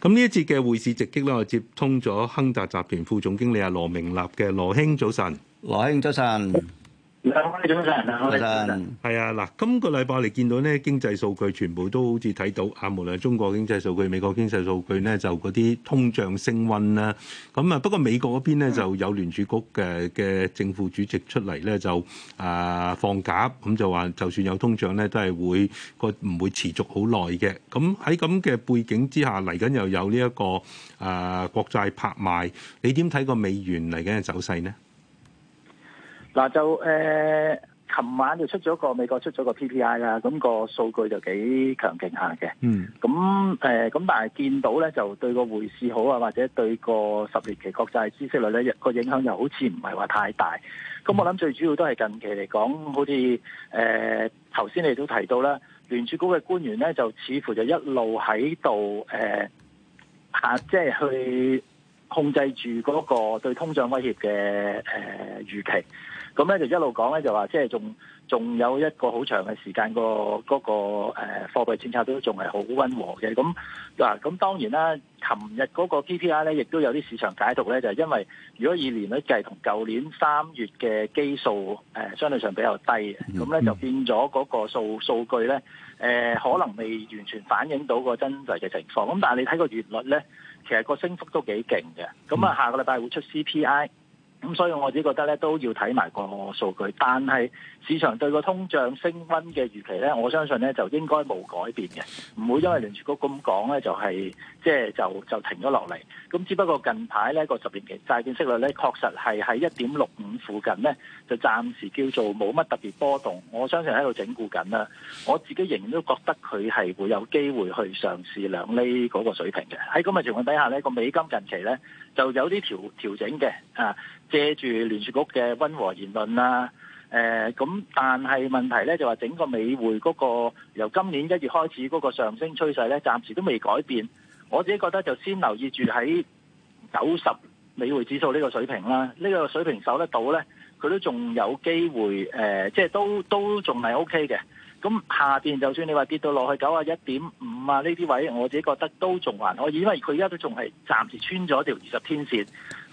咁呢一次嘅匯市直擊咧，我接通咗亨達集團副總經理阿羅明立嘅羅兄，早晨。羅兄，早晨。阿我哋早晨啊，我哋早晨係啊，嗱，今個禮拜你見到咧，經濟數據全部都好似睇到啊，無論中國經濟數據、美國經濟數據咧，就嗰啲通脹升溫啦。咁啊，不過美國嗰邊咧就有聯儲局嘅嘅正副主席出嚟咧，就啊放假，咁就話就算有通脹咧，都係會個唔會持續好耐嘅。咁喺咁嘅背景之下嚟緊又有呢一個啊國債拍賣，你點睇個美元嚟緊嘅走勢咧？嗱就誒，琴、呃、晚就出咗個美國出咗個 PPI 啦，咁個數據就幾強勁下嘅。嗯。咁、呃、誒，咁但係見到咧，就對個匯市好啊，或者對個十年期國債孳息率咧，個影響又好似唔係話太大。咁我諗最主要都係近期嚟講，好似誒頭先你都提到啦，聯儲局嘅官員咧就似乎就一路喺度誒，下即係去控制住嗰個對通脹威脅嘅誒、呃、預期。咁咧就一路講咧就話，即係仲仲有一個好長嘅時間，個嗰、個誒、呃、貨幣政策都仲係好溫和嘅。咁嗱，咁當然啦，琴日嗰個 PPI 咧，亦都有啲市場解讀咧，就係、是、因為如果以年率計，同舊年三月嘅基數誒、呃、相對上比較低嘅，咁咧就變咗嗰個數數據咧誒、呃，可能未完全反映到個真實嘅情況。咁但係你睇個月率咧，其實個升幅都幾勁嘅。咁啊，下個禮拜會出 CPI。咁、嗯、所以，我只覺得咧都要睇埋個數據，但係市場對個通脹升溫嘅預期咧，我相信咧就應該冇改變嘅，唔會因為聯儲局咁講咧就係即係就是、就，就停咗落嚟。咁只不過近排咧個十年期債券息率咧確實係喺一點六五附近咧，就暫時叫做冇乜特別波動。我相信喺度整固緊啦。我自己仍然都覺得佢係會有機會去上市兩釐嗰個水平嘅。喺咁嘅情況底下咧，個美金近期咧。就有啲調調整嘅，啊，借住聯儲局嘅温和言論啦、啊。咁、啊、但係問題咧就話整個美匯嗰、嗰個由今年一月開始嗰個上升趨勢咧，暫時都未改變。我自己覺得就先留意住喺九十美匯指數呢個水平啦，呢、呢個水平守得到咧，佢都仲有機會誒，即、呃、係、就是、都都仲係 O K 嘅。咁下邊就算你話跌到落去九啊一點五啊呢啲位，我自己覺得都仲還，還可以，因為佢而家都仲係暫時穿咗條二十天線，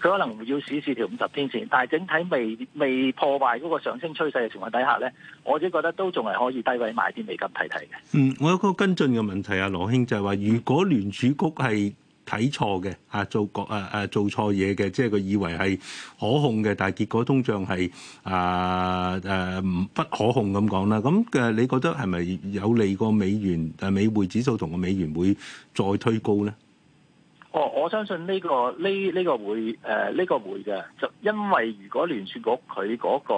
佢可能要試試條五十天線，但係整體未未破壞嗰個上升趨勢嘅情況底下呢，我只覺得都仲係可以低位買啲，未金睇睇嘅。嗯，我有個跟進嘅問題啊，羅兄就係話，如果聯儲局係。睇錯嘅啊，做個啊啊做錯嘢嘅，即係佢以為係可控嘅，但係結果通脹係啊誒不可控咁講啦。咁嘅，你覺得係咪有利個美元誒美匯指數同個美元會再推高咧？哦，我相信呢、個呢呢、個會誒呢、呃個會嘅，就因為如果聯儲局佢嗰、個、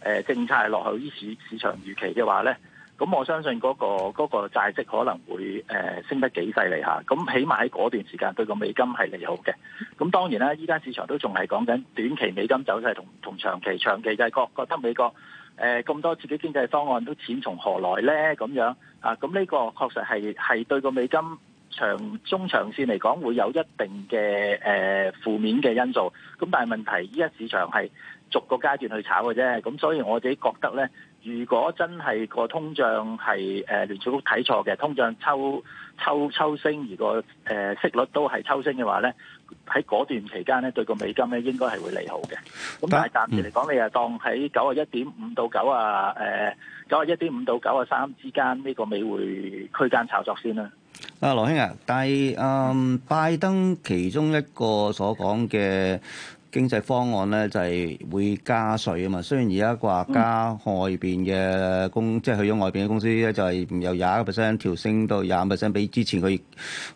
呃、政策係落後於市市場預期嘅話咧。咁我相信嗰、那個嗰、那個債息可能會誒、呃、升得幾犀利吓，咁起碼喺嗰段時間對個美金係利好嘅。咁當然啦，依家市場都仲係講緊短期美金走勢同同長期長期嘅覺覺得美國誒咁、呃、多自己經濟方案都錢從何來咧？咁樣啊，咁呢個確實係係對個美金長中長線嚟講會有一定嘅誒負面嘅因素。咁但係問題，依家市場係逐個階段去炒嘅啫，咁所以我自己覺得咧。如果真係個通脹係誒、呃、聯儲局睇錯嘅，通脹抽抽抽升如果誒、呃、息率都係抽升嘅話咧，喺嗰段期間咧對個美金咧應該係會利好嘅。咁但係暫時嚟講，你又當喺九十一點五到九十誒九十一點五到九十三之間呢、呢個美匯區間炒作先啦。啊，羅兄啊，但係嗯拜登其中一個所講嘅。經濟方案咧就係會加稅啊嘛，雖然而家話加外邊嘅公，即係去咗外邊嘅公司咧，就係由廿一個 percent 調升到廿五 percent，比之前佢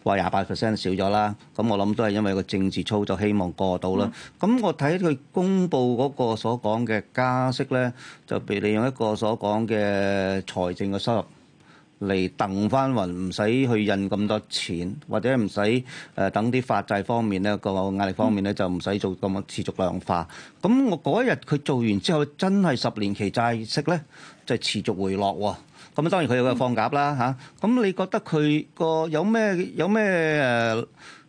話廿八 percent 少咗啦。咁我諗都係因為個政治操作希望過到啦。咁我睇佢公布嗰個所講嘅加息咧，就俾利用一個所講嘅財政嘅收入。嚟掟翻雲，唔使去印咁多錢，或者唔使誒等啲法債方面咧，個壓力方面咧就唔使做咁樣持續量化。咁我嗰一日佢做完之後，真係十年期債息咧就係、持續回落喎。咁當然佢有個放鴿啦嚇。咁、嗯啊、你覺得佢個有咩有咩誒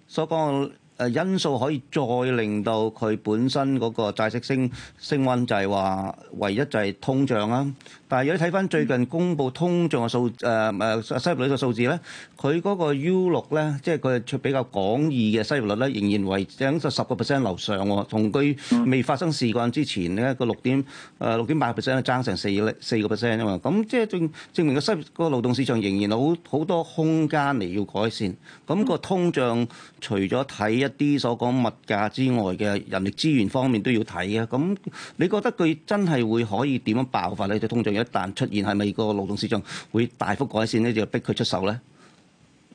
所講誒因素可以再令到佢本身嗰個債息升升溫，就係話唯一就係通脹啦。但係如果睇翻最近公布通脹嘅數，誒誒失業率嘅數字咧，佢、啊、嗰、啊、個 U 六咧，即係佢出比較廣義嘅失業率咧，仍然維喺十個 percent 樓上喎。同佢未發生事關之前咧，個六點誒六點八 percent 爭成四四個 percent 啊嘛。咁即係證證明個失個勞動市場仍然好好多空間嚟要改善。咁、那個通脹除咗睇一啲所講物價之外，嘅人力資源方面都要睇啊。咁你覺得佢真係會可以點樣爆發咧？啲通脹？一旦出現，係咪個勞動市場會大幅改善咧？就逼佢出手咧？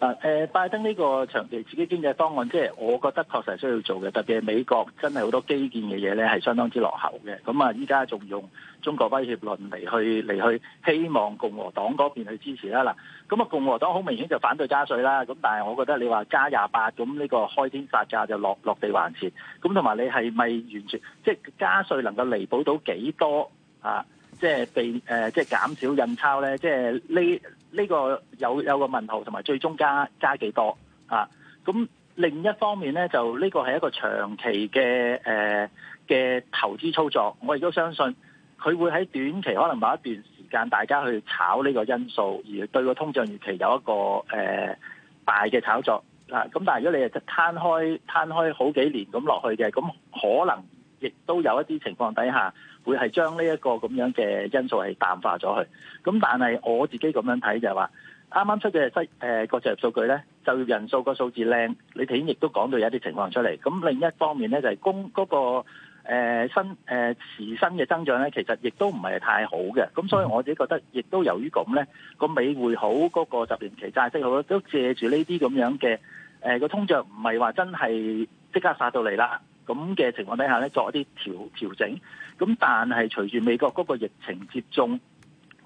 嗱，誒，拜登呢個長期刺激經濟方案，即係我覺得確實係需要做嘅。特別係美國真係好多基建嘅嘢咧，係相當之落後嘅。咁啊，依家仲用中國威脅論嚟去嚟去，希望共和黨嗰邊去支持啦。嗱，咁啊，共和黨好明顯就反對加稅啦。咁但係，我覺得你話加廿八，咁呢個開天殺價就落落地還錢。咁同埋你係咪完全即係加稅能夠彌補到幾多啊？即係被、呃、即係減少印鈔呢，即係呢呢個有有個問號，同埋最終加加幾多啊？咁另一方面呢，就呢個係一個長期嘅誒嘅投資操作，我亦都相信佢會喺短期可能某一段時間大家去炒呢個因素，而對個通脹預期有一個誒、呃、大嘅炒作啦。咁、啊、但係如果你係就攤開攤開好幾年咁落去嘅，咁可能亦都有一啲情況底下。會係將呢一個咁樣嘅因素係淡化咗去，咁但係我自己咁樣睇就係話，啱啱出嘅即係誒國際入數據呢，就業人數個數字靚，你睇亦都講到有一啲情況出嚟。咁另一方面呢，就係公嗰個誒薪誒時薪嘅增長呢，其實亦都唔係太好嘅。咁所以我自己覺得，亦都由於咁呢，個美匯好，嗰、嗰個十年期債息好，都借住呢啲咁樣嘅誒個通脹，唔係話真係即刻殺到嚟啦。咁嘅情況底下咧，作一啲調，調整。咁但係隨住美國嗰個疫情接種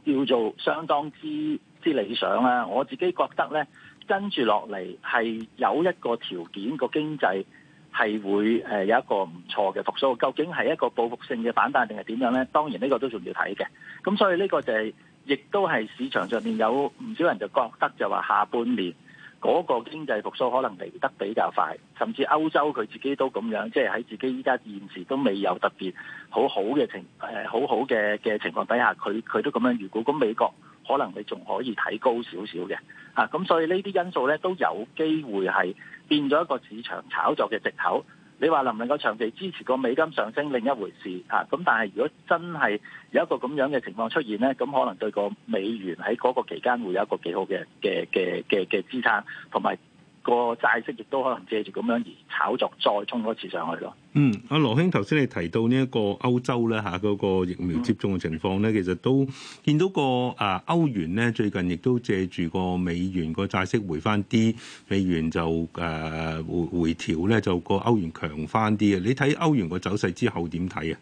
叫做相當之之理想啦、啊，我自己覺得咧，跟住落嚟係有一個條件，個經濟係會有一個唔錯嘅復甦。究竟係一個報復性嘅反彈定係點樣咧？當然呢個都仲要睇嘅。咁所以呢個就係、是、亦都係市場上面有唔少人就覺得就話下半年。嗰個經濟復甦可能嚟得比較快，甚至歐洲佢自己都咁樣，即係喺自己依家現時都未有特別好好嘅情誒好好嘅嘅情況底下，佢佢都咁樣預估。咁美國可能你仲可以睇高少少嘅，咁所以呢啲因素咧都有機會係變咗一個市場炒作嘅藉口。你話能唔能夠長期支持個美金上升，另一回事咁、啊、但係如果真係有一個咁樣嘅情況出現呢，咁可能對個美元喺嗰個期間會有一個幾好嘅嘅嘅嘅嘅支撐同埋。個債息亦都可能借住咁樣而炒作，再衝多一次上去咯。嗯，阿羅兄頭先你提到呢一個歐洲咧嚇嗰個疫苗接種嘅情況咧，嗯，其實都見到個啊歐元咧最近亦都借住個美元個債息回翻啲，美元就誒回回調咧就個歐元強翻啲嘅。你睇歐元個走勢之後點睇啊？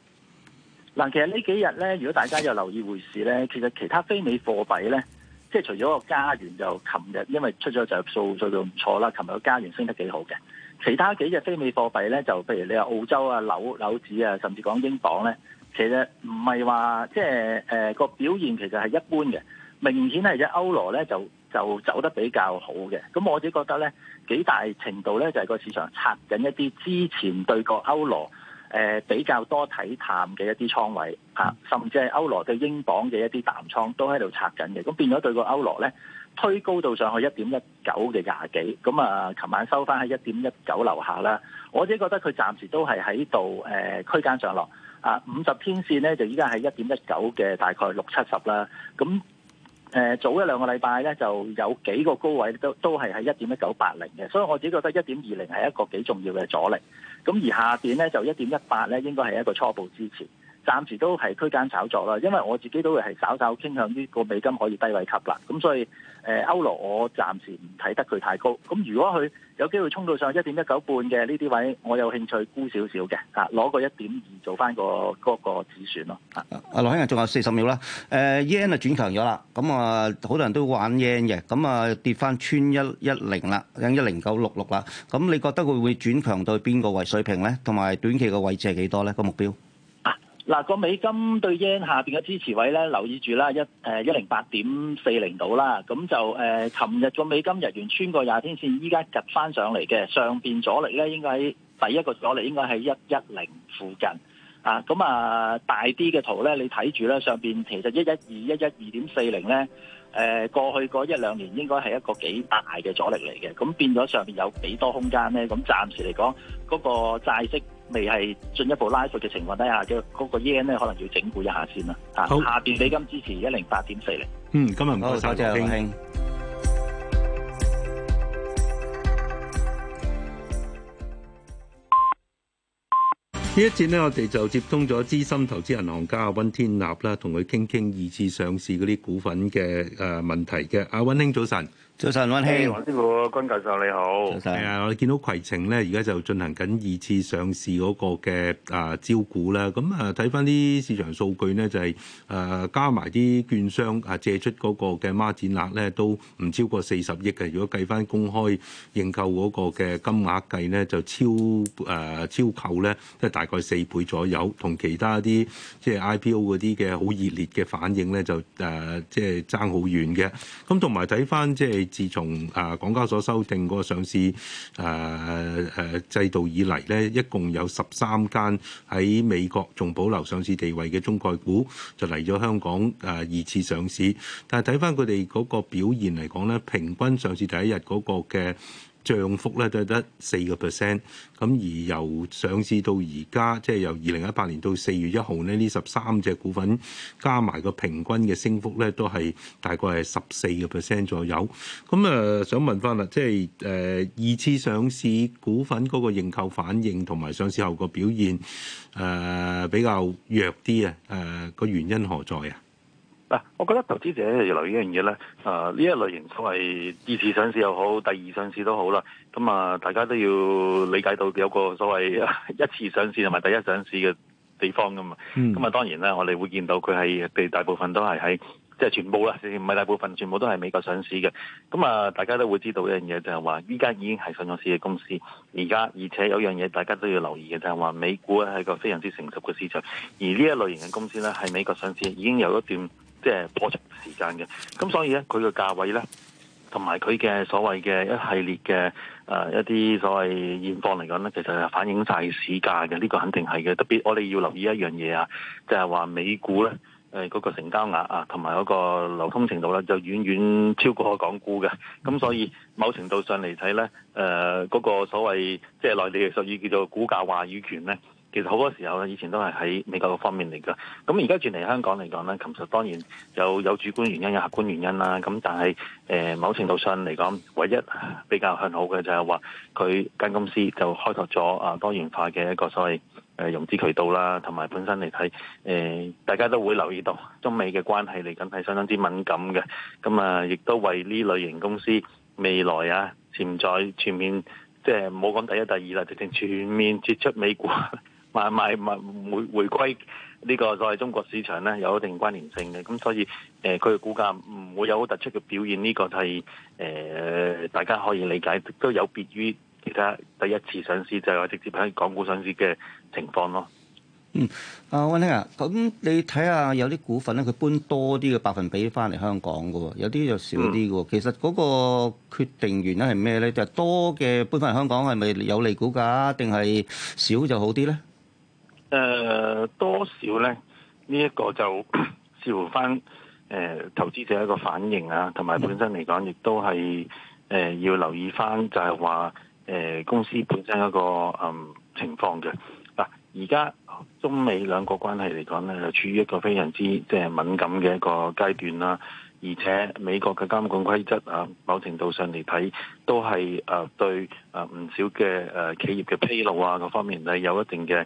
嗱，其實呢幾日咧，如果大家有留意匯市咧，其實其他非美貨幣咧。即係除咗個加元就琴日，因為出咗就數數就唔錯啦。琴日個加元升得幾好嘅，其他幾隻非美貨幣咧，就譬如你話澳洲啊、紐紐紙啊，甚至講英鎊咧，其實唔係話即係誒個表現其實係一般嘅，明顯係隻歐羅咧就就走得比較好嘅。咁我自己覺得咧幾大程度咧就係個市場拆緊一啲之前對個歐羅。誒、呃、比較多睇淡嘅一啲倉位啊，甚至係歐羅對英鎊嘅一啲淡倉都喺度拆緊嘅，咁變咗對個歐羅呢，推高到上去一點一九嘅廿幾，咁啊，琴晚收翻喺一點一九樓下啦。我自己覺得佢暫時都係喺度誒區間上落啊，五十天線呢，就依家係一點一九嘅大概六七十啦。咁誒、呃、早一兩個禮拜呢，就有幾個高位都都係喺一點一九八零嘅，所以我自己覺得一點二零係一個幾重要嘅阻力。咁而下邊咧就一點一八咧，應該係一個初步支持。暫時都係區間炒作啦，因為我自己都會係稍稍傾向呢個美金可以低位吸啦。咁所以誒歐羅我暫時唔睇得佢太高。咁如果佢有機會衝到上一點一九半嘅呢啲位，我有興趣沽少少嘅啊，攞個一點二做翻個嗰個止損咯啊。阿羅兄人仲有四十秒啦。誒 yen 啊轉強咗啦，咁啊好多人都玩 yen 嘅，咁啊跌翻穿一一零啦，一零九六六啦。咁你覺得會會轉強到邊個位水平咧？同埋短期嘅位置係幾多咧？個目標？嗱，個美金對 yen 下面嘅支持位咧，留意住啦，一誒一零八點四零度啦，咁就誒，琴日個美金日元穿過廿天線，依家趌翻上嚟嘅，上邊阻力咧應該喺第一個阻力應該係一一零附近啊，咁啊、uh, 大啲嘅圖咧，你睇住咧，上面其實一一二一一二點四零咧，誒過去嗰一兩年應該係一個幾大嘅阻力嚟嘅，咁變咗上面有幾多空間咧？咁暫時嚟講，嗰個債息。未係進一步拉熟嘅情況底下嘅嗰、那個 yen 呢，可能要整固一下先啦。好，下邊美金支持一零八點四零。嗯，今日唔該曬，丁丁。呢一節呢，我哋就接通咗資深投資銀行家阿温天納啦，同佢傾傾二次上市嗰啲股份嘅誒、呃、問題嘅。阿温兄早晨。早晨，溫馨，黃師傅，君教授，你好。係啊、呃，我哋見到携程咧，而家就進行緊二次上市嗰個嘅啊招股啦。咁啊，睇翻啲市場數據咧，就係、是、誒、啊、加埋啲券商啊借出嗰個嘅孖展額咧，都唔超過四十億嘅。如果計翻公開認購嗰個嘅金額計咧，就超誒、啊、超購咧，即、就、係、是、大概四倍左右。同其他啲即係 IPO 嗰啲嘅好熱烈嘅反應咧，就誒即係爭好遠嘅。咁同埋睇翻即係。就是自從啊，港交所修訂嗰個上市誒誒制度以嚟咧，一共有十三間喺美國仲保留上市地位嘅中概股，就嚟咗香港誒二次上市。但係睇返佢哋嗰個表現嚟講咧，平均上市第一日嗰個嘅漲幅咧都係得四個 percent 咁，而由上市到而家，即係由二零一八年到四月一號咧，呢十三隻股份加埋個平均嘅升幅咧，都係大概係十四個 percent 左右。咁啊、呃，想問翻啦，即係誒、呃、二次上市股份嗰個認購反應同埋上市後個表現誒、呃、比較弱啲啊？誒、呃、個原因何在啊？嗱，我覺得投資者要留意一樣嘢咧，誒、呃、呢一類型所謂二次上市又好，第二上市都好啦。咁啊，大家都要理解到有個所謂一次上市同埋第一上市嘅地方㗎嘛。咁、嗯、啊，當然呢，我哋會見到佢係大部分都係喺即係全部啦，唔係大部分，全部都係美國上市嘅。咁啊，大家都會知道一樣嘢，就係話依家已經係上市嘅公司，而家而且有一樣嘢大家都要留意嘅，就係、是、話美股咧係一個非常之成熟嘅市場，而呢一類型嘅公司咧係美國上市已經有一段。即、就、係、是、波幅時間嘅，咁所以咧，佢嘅價位咧，同埋佢嘅所謂嘅一系列嘅誒、呃、一啲所謂現況嚟講咧，其實係反映晒市價嘅，呢、這個肯定係嘅。特別我哋要留意一樣嘢啊，就係、是、話美股咧誒嗰個成交額啊，同埋嗰個流通程度咧，就遠遠超過港股嘅。咁所以某程度上嚟睇咧，誒、呃、嗰、那個所謂即係、就是、內地嘅術語叫做股價話語權咧。其實好多時候咧，以前都係喺美國方面嚟噶。咁而家轉嚟香港嚟講呢，其實當然有有主觀原因、有客觀原因啦。咁但係誒、呃，某程度上嚟講，唯一比較向好嘅就係話佢間公司就開拓咗啊多元化嘅一個所謂、呃、融資渠道啦。同埋本身嚟睇誒，大家都會留意到中美嘅關係嚟緊係相當之敏感嘅。咁啊，亦都為呢類型公司未來啊潛在全面即係唔好講第一、第二啦，直情全面撤出美股。 買買買回回歸呢個所謂中國市場咧，有一定關聯性嘅，咁所以誒，佢、呃、嘅股價唔會有好突出嘅表現，呢、這個係、就、誒、是呃、大家可以理解，都有別於其他第一次上市就話、是、直接喺港股上市嘅情況咯。嗯，阿溫馨啊，咁、啊、你睇下有啲股份咧，佢搬多啲嘅百分比翻嚟香港㗎喎，有啲就少啲㗎喎，其實嗰個決定原因係咩咧？就是、多嘅搬翻嚟香港係咪有利股價，定係少就好啲咧？誒、呃，多少咧？呢、這、一個就視乎翻誒、呃、投資者一個反應啊，同埋本身嚟講，亦都係誒、呃、要留意翻，就係話誒公司本身一個嗯情況嘅。嗱、啊，而家中美兩國關係嚟講咧，就處於一個非常之即係、就是、敏感嘅一個階段啦、啊。而且美國嘅監管規則啊，某程度上嚟睇，都係誒、啊、對誒唔、啊、少嘅誒、啊、企業嘅披露啊，各方面咧有一定嘅。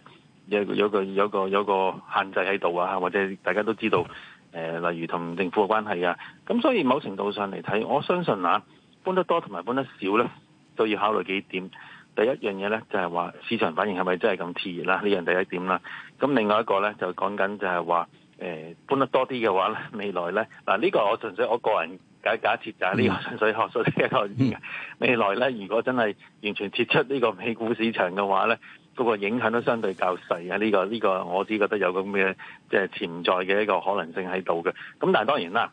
有個有個有個有個限制喺度啊，或者大家都知道，誒、呃，例如同政府嘅關係啊，咁所以某程度上嚟睇，我相信啊，搬得多同埋搬得少咧，都要考慮幾點。第一樣嘢咧就係、是、話市場反應係咪真係咁熾熱啦？呢、這、樣、個、第一點啦。咁另外一個咧就講緊就係話誒搬得多啲嘅話咧，未來咧嗱呢、這個我純粹我個人假假設就係呢個純粹學術嘅一個未來咧，如果真係完全撤出呢個美股市場嘅話咧。嗰、那個影響都相對較細啊！呢個呢個，這個、我只覺得有咁嘅即係潛在嘅一個可能性喺度嘅。咁但係當然啦，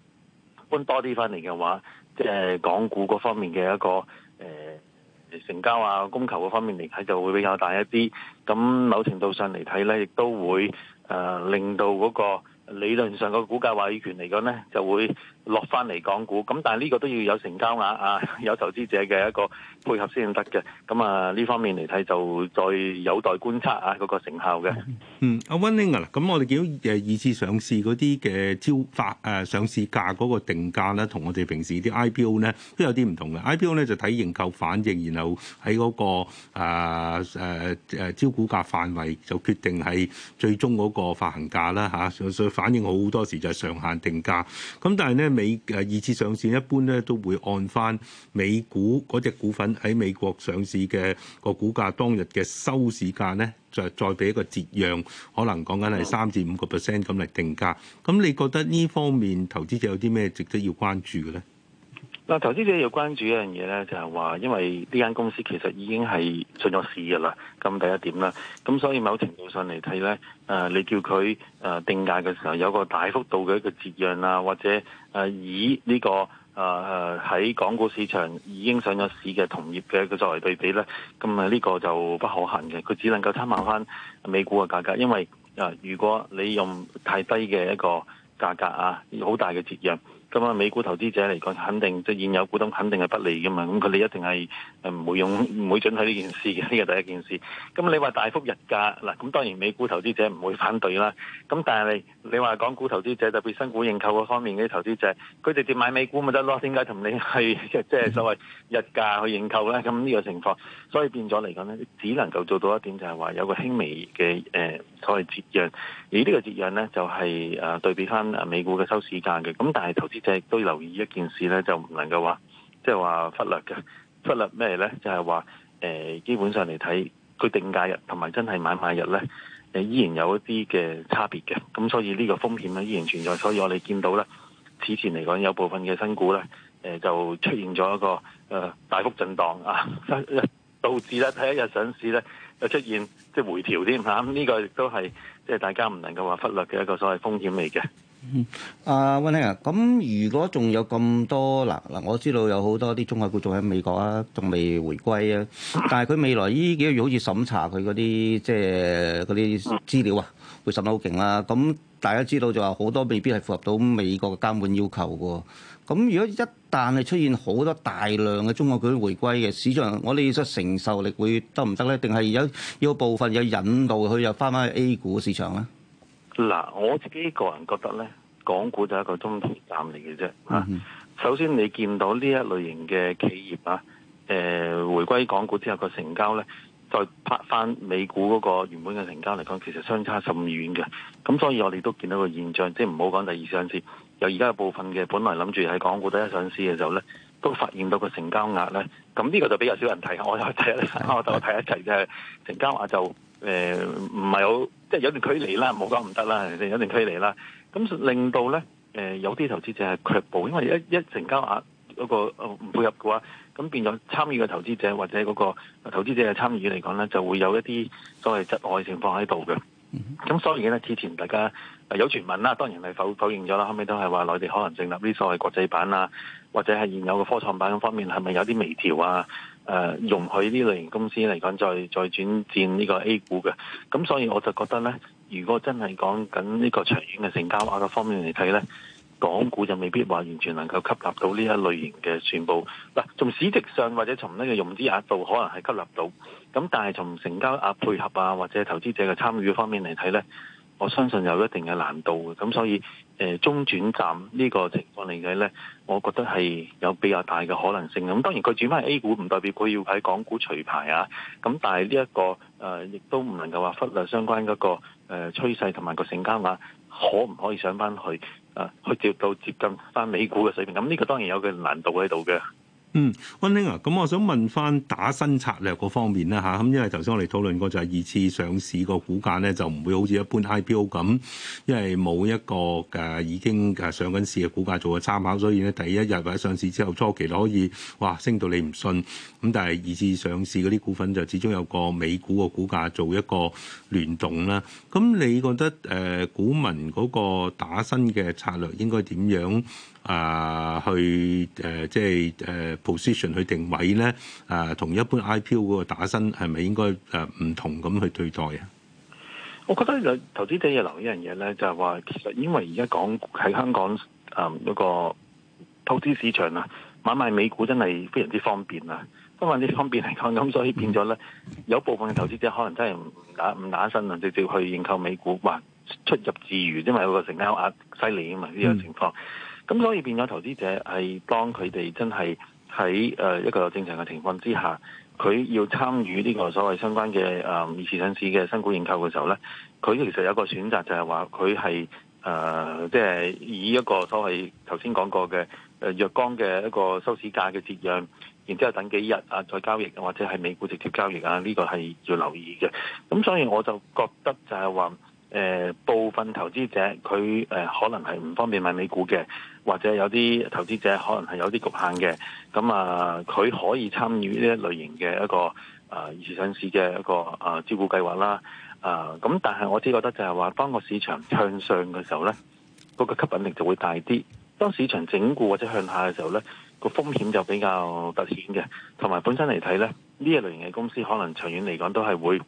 搬多啲翻嚟嘅話，即、就、係、是、港股各方面嘅一個誒、呃、成交啊、供求嗰方面嚟睇就會比較大一啲。咁某程度上嚟睇咧，亦都會誒、呃、令到嗰個理論上個股價話語權嚟講咧就會，落翻嚟港股，咁但係呢個都要有成交額啊，有投資者嘅一個配合先得嘅。咁啊，呢方面嚟睇就再有待觀察啊，嗰、那個成效嘅。嗯，阿 Winning 啊，咁我哋見到誒二次上市嗰啲嘅招發誒上市價嗰個定價咧，同我哋平時啲 IPO 咧都有啲唔同嘅。IPO 咧就睇認購反應，然後喺嗰、那個啊誒招、啊、股價範圍就決定係最終嗰個發行價啦嚇、啊。所以反應好很多時就係上限定價。咁但係咧。美誒二次上市一般咧都會按返美股嗰隻股份喺美國上市嘅個股價當日嘅收市價咧，就再俾一個折讓，可能講緊係三至五個 percent 咁嚟定價。咁你覺得呢方面投資者有啲咩值得要關注嘅咧？嗱，投資者要關注一樣嘢咧，就係話，因為呢間公司其實已經係上咗市嘅啦，咁第一點啦。咁所以某程度上嚟睇咧，誒，你叫佢誒定價嘅時候有個大幅度嘅一個折讓啊，或者誒以呢個誒誒喺港股市場已經上咗市嘅同業嘅佢作為對比咧，咁啊呢個就不可行嘅。佢只能夠參考翻美股嘅價格，因為誒，如果你用太低嘅一個價格啊，好大嘅折讓。咁啊，美股投資者嚟講，肯定即係現有股東肯定係不利㗎嘛。咁佢哋一定係唔會用唔會准許呢件事嘅，呢個第一件事。咁你話大幅日價嗱，咁當然美股投資者唔會反對啦。咁但係你話港股投資者，特別新股認購嗰方面嘅啲投資者，佢直接買美股咪得咯？點解同你去即係、就是、所謂日價去認購咧？咁呢個情況，所以變咗嚟講咧，只能夠做到一點就係話有個輕微嘅、呃、所謂節約。而呢個節引呢，就係、是、誒對比翻美股嘅收市價嘅，咁但係投資者亦都留意一件事、就是、呢，就唔能夠話即係話忽略嘅，忽略咩呢？就係話誒基本上嚟睇，佢定價日同埋真係買賣日呢，依然有一啲嘅差別嘅，咁所以呢個風險呢，依然存在。所以我哋見到呢，此前嚟講有部分嘅新股呢，呃、就出現咗一個誒、呃、大幅震盪啊，導致呢第一日上市呢。出現即係回調添嚇，咁呢個亦都係即係大家唔能夠話忽略嘅一個所謂風險嚟嘅。嗯，阿、呃、溫馨啊，咁如果仲有咁多嗱嗱，我知道有好多啲中概股仲喺美國啊，仲未回歸啊，但係佢未來呢幾個月好似審查佢嗰啲即係嗰啲資料啊。嗯會審得好勁啦！咁大家知道就話好多未必係符合到美國嘅監管要求嘅。咁如果一旦係出現好多大量嘅中國股迴歸嘅市場，我哋嘅承受力會得唔得咧？定係有要部分有引導佢又翻返去 A 股市場咧？嗱，我自己個人覺得咧，港股就係一個中途站嚟嘅啫。嚇，首先你見到呢一類型嘅企業啊，誒迴歸港股之後個成交咧。再拍翻美股嗰個原本嘅成交嚟講，其實相差甚遠嘅。咁所以我哋都見到個現象，即係唔好講第二上市，由而家部分嘅本來諗住喺港股第一上市嘅時候咧，都發現到個成交額咧。咁呢個就比較少人睇，我睇，我就睇一我睇一睇嘅成交額就誒唔係好，即、呃、係有、就係、有段距離啦，唔好講唔得啦，有段距離啦。咁令到咧誒有啲投資者係卻步，因為一一成交額。嗰個唔配合嘅話，咁變咗參與嘅投資者或者嗰個投資者嘅參與嚟講呢，就會有一啲所謂質外情況喺度嘅。咁所以呢，之前大家、呃、有傳聞啦，當然係否否認咗啦。後尾都係話內地可能成立呢啲所謂國際板啊，或者係現有嘅科創板方面，係咪有啲微調啊？誒、呃，容許呢類型公司嚟講再再轉戰呢個 A 股嘅。咁所以我就覺得呢，如果真係講緊呢個長遠嘅成交額嘅方面嚟睇呢。港股就未必話完全能夠吸納到呢一類型嘅全部，嗱，從市值上或者從呢個融資額度可能係吸納到，咁但係從成交額配合啊或者投資者嘅參與方面嚟睇呢，我相信有一定嘅難度嘅，咁所以、呃、中轉站呢個情況嚟睇呢，我覺得係有比較大嘅可能性。咁當然佢轉翻 A 股唔代表佢要喺港股除牌啊，咁但係呢一個誒、呃、亦都唔能夠話忽略相關嗰、那個誒、呃、趨勢同埋個成交額可唔可以上翻去？啊，去接到接近翻美股嘅水平，咁呢個當然有個難度喺度嘅。嗯，溫兄啊，咁我想問翻打新策略嗰方面啦。吓，咁因為頭先我哋討論過就係二次上市個股價咧就唔會好似一般 IPO 咁，因為冇一個誒已經誒上緊市嘅股價做個參考，所以咧第一日或者上市之後初期就可以哇升到你唔信，咁但係二次上市嗰啲股份就始終有個美股個股價做一個聯動啦。咁你覺得誒股民嗰個打新嘅策略應該點樣？啊、呃，去誒、呃，即係誒、呃、position 去定位咧，啊、呃，同一般 IPO 個打新係咪應該誒唔同咁去對待啊？我覺得投資有投資者要留意一樣嘢咧，就係、是、話其實因為而家講喺香港誒嗰、嗯那個投資市場啊，買賣美股真係非常之方便啊！不過呢方便嚟講，咁所以變咗咧， 有部分嘅投資者可能真係唔打唔打新啊，直接去認購美股或出入自如，因為個成交額犀利啊嘛，呢、這、種、個、情況。 咁所以變咗投資者係當佢哋真係喺誒一個正常嘅情況之下，佢要參與呢個所謂相關嘅誒二次上市嘅新股認購嘅時候咧，佢其實有一個選擇就係話佢係誒即係以一個所謂頭先講過嘅誒若干嘅一個收市價嘅折讓，然之後等幾日啊再交易，或者係美股直接交易啊，呢個係要留意嘅。咁所以我就覺得就係話。誒、呃、部分投資者佢、呃、可能係唔方便買美股嘅，或者有啲投資者可能係有啲局限嘅。咁啊，佢、呃、可以參與呢一類型嘅一個誒二次上市嘅一個誒招股計劃啦。啊、呃，咁、呃、但係我只覺得就係話，當個市場向上嘅時候咧，嗰、那個吸引力就會大啲；當市場整固或者向下嘅時候咧，個風險就比較突顯嘅。同埋本身嚟睇咧，呢一類型嘅公司可能長遠嚟講都係會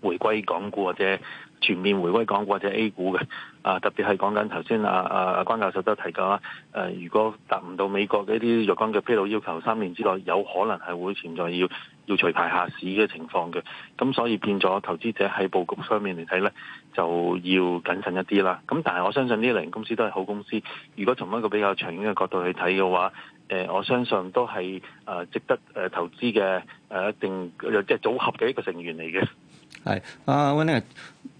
回歸港股或者。全面回歸港股或者 A 股嘅啊，特別係講緊頭先啊啊啊關教授都提及啦。誒、啊，如果達唔到美國嘅一啲若干嘅披露要求，三年之內有可能係會存在要要除牌下市嘅情況嘅。咁所以變咗投資者喺佈局上面嚟睇咧，就要謹慎一啲啦。咁、啊、但係我相信呢啲類型公司都係好公司。如果從一個比較長遠嘅角度去睇嘅話，誒、呃，我相信都係誒、呃、值得誒投資嘅誒一定即係組合嘅一個成員嚟嘅。係啊，Winnie。Uh,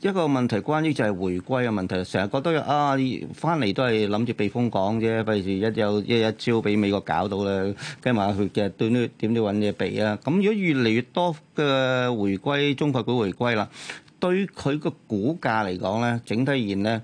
一個問題關於就係回歸嘅問題，成日覺得啊，翻嚟都係諗住避風港啫。費事一有一一朝俾美國搞到咧，跟埋去嘅，對呢點都揾嘢避啊！咁、嗯、如果越嚟越多嘅回歸，中概股回歸啦，對於佢個股價嚟講咧，整體而言咧。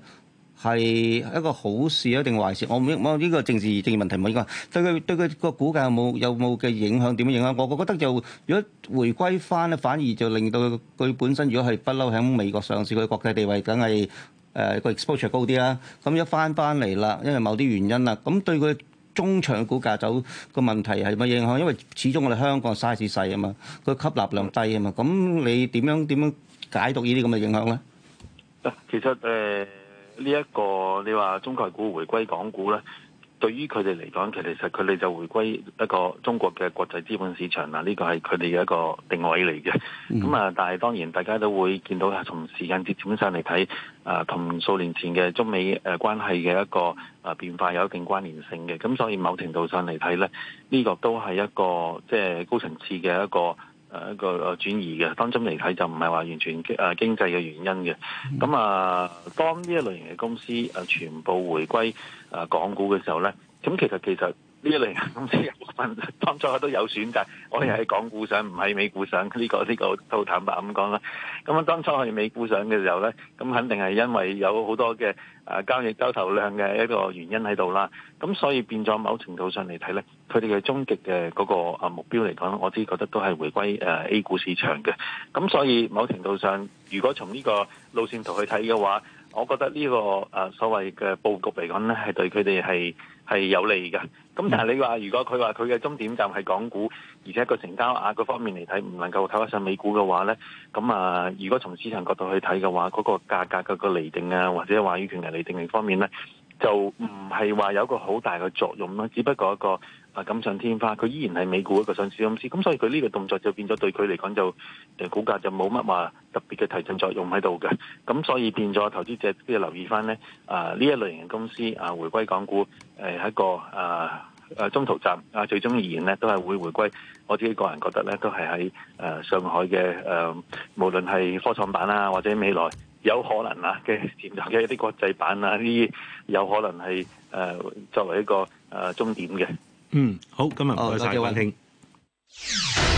係一個好事啊定壞事？我唔應，我呢個政治政治問題唔應該。對佢對佢個股價有冇有冇嘅影響？點樣影響？我覺得就如果回歸翻咧，反而就令到佢本身，如果係不嬲喺美國上市，佢嘅國際地位梗係誒個 exposure 高啲啦。咁一翻翻嚟啦，因為某啲原因啦，咁對佢中長股價走個問題係咪影響？因為始終我哋香港 size 細啊嘛，佢吸納量低啊嘛。咁你點樣點樣解讀呢啲咁嘅影響咧？啊，其實誒。呢、這、一個你話中概股回歸港股咧，對於佢哋嚟講，其實佢哋就回歸一個中國嘅國際資本市場啦。呢、這個係佢哋嘅一個定位嚟嘅。咁啊，但係當然大家都會見到係從時間節點上嚟睇，啊，同數年前嘅中美誒、呃、關係嘅一個啊變化有一定關聯性嘅。咁所以某程度上嚟睇咧，呢、這個都係一個即係高層次嘅一個。就是誒一個誒轉移嘅，當中嚟睇就唔係話完全誒經濟嘅原因嘅。咁啊，當呢一類型嘅公司誒、啊、全部回歸誒、啊、港股嘅時候咧，咁其實其實呢一類型公司有部分當初都有選擇，我哋喺港股上，唔係美股上，呢個呢個都坦白咁講啦。咁啊，當初喺美股上嘅時候咧，咁肯定係因為有好多嘅誒、啊、交易交投量嘅一個原因喺度啦。咁所以變咗某程度上嚟睇咧。佢哋嘅終極嘅嗰個啊目標嚟講，我自己覺得都係回歸 A 股市場嘅。咁所以某程度上，如果從呢個路線圖去睇嘅話，我覺得呢個誒所謂嘅佈局嚟講呢係對佢哋係係有利嘅。咁但係你話，如果佢話佢嘅終點站係港股，而且個成交額嗰方面嚟睇，唔能夠睇得上美股嘅話呢咁啊，如果從市場角度去睇嘅話，嗰個價格嘅個釐定啊，或者話語權釐定嘅方面呢，就唔係話有個好大嘅作用咯。只不過一個啊！錦上添花，佢依然係美股一個上市公司，咁所以佢呢個動作就變咗對佢嚟講就誒股價就冇乜話特別嘅提振作用喺度嘅，咁所以變咗投資者都要留意翻咧啊呢一類型嘅公司啊回歸港股誒一個啊誒、啊、中途站啊最終而言咧都係會回歸，我自己個人覺得咧都係喺誒上海嘅誒、啊、無論係科創板啊或者未來有可能的啊嘅前頭嘅一啲國際版啊呢啲有可能係誒、啊、作為一個誒終、啊、點嘅。嗯，好，今日唔該晒，阿、哦、永。謝謝。